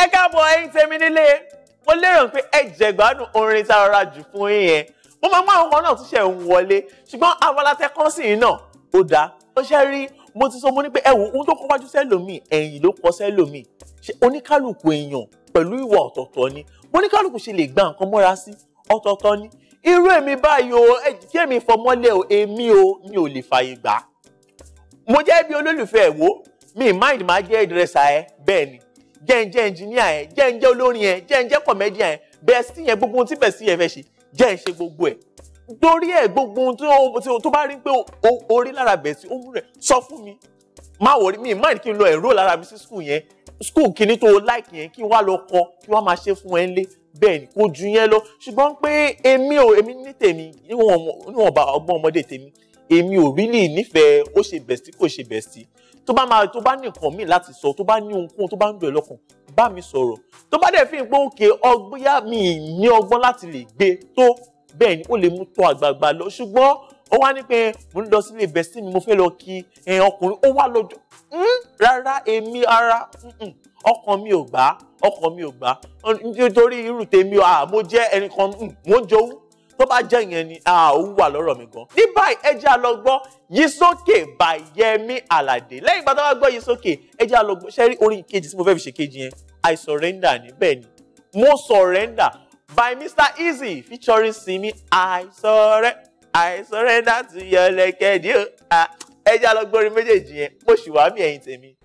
ẹ káàbọ̀ ẹ̀yin tèmi nílé mo lérò pé ẹ jẹ gbádùn orin tá a rọra jù fún yín yẹn mo máa mú àwọn kan náà tún ṣe ń wọlé ṣùgbọ́n abala tẹ kán sí náà ó dáa ó ṣe rí mo ti sọ mo ní pé ẹ wò ohun tó kọ́ wájú sẹ́lòmíì ẹ̀yìn ló kọ́ sẹ́lòmíì ṣe oníkálùkù èèyàn pẹ̀lú ìwà ọ̀tọ̀ọ̀tọ̀ ni oníkálùkù ṣe lè gba nǹkan mọ́ra sí ọ̀tọ̀ọ̀tọ̀ ni irú èmi báyìí o kí èmi fọmọ́lẹ̀ o èmi o mi ò lè fààyè gbà mo jẹ́ bí olólùfẹ́ ẹ̀ mi mind máa jẹ́ ìdírẹ́sà ẹ bẹ́ẹ̀ ni jẹ́ ń jẹ́ ẹnjìníà ẹ̀ jẹ́ ń jẹ́ olórin ẹ̀ jẹ́ ń jẹ́ kọ̀mẹ́díà ẹ̀ bẹ́ẹ̀ sí yẹn gbogbo ohun tí bẹ́ẹ̀ sí yẹn fẹ́ ṣe jẹ́ ń ṣe gbogbo ẹ̀ torí ẹ̀ gbogbo ohun tó bá rí pé orí lára bẹ́ẹ̀ sí ohun rẹ̀ sọ fún mi má wọrí mi má kí n lọ ẹ̀rọ lára mi sí skul yẹn skul kìíní tó láìkì yẹn kí n wá lọ kọ kí wọ́n máa ṣe fún ẹ ńlé bẹ́ẹ̀ ni kò ju yẹn lọ ṣùgbọ́n pé èmi ò èmi ní tèmi níwọ̀n ọgbọ́n ọmọdé tèmi èmi ò rí lè nífẹ̀ẹ́ ó ṣe bẹ̀sí kò ṣe bẹ̀sí tó bá máa tó bá ní nǹkan míì láti sọ tó bá ní ohunkóhun tó bá ń dùn lọ́kàn bá mi sọ̀rọ̀ tó bá dẹ̀ fi ń pé òkè ọgbóyá mi ní ọgbọ́n láti lè gbé tó bẹ́ẹ̀ ni ó lè mú tó àgbààgbà lọ ṣùgbọ́n ó wá ní pé mo ń lọ sílé bẹ̀sí mi mo fẹ́ lọ kí ọkùnrin ó wá lọ́jọ́ hmm, rárá èmi ara ọkàn mi ò gbà ọkàn mi ò gbà nítorí irú tèmi àmọ́ jẹ́ ẹnìkan mò mm, ń jowú tó bá jẹ́ yẹn ni ó wà lọ́rọ̀ mi gan. ní báyìí ẹ jẹ́ a lọ gbọ́ yí sókè bàyẹ̀mí àlàdé lẹ́yìn ìgbà tó bá gbọ́ yí sókè ẹ jẹ́ a lọ gbọ́ orin kejì tí mo fẹ́ fi ṣe kejì yẹn i surrender ni bẹ́ẹ̀ ni mo surrender by mr easy featuring simi i surrender i surrender to your lẹ́kẹ̀dí o ah, ẹ jẹ́ a lọ gbọ́ orin méjèèjì yẹn mo ṣì wá mí ẹ̀yin tèmi.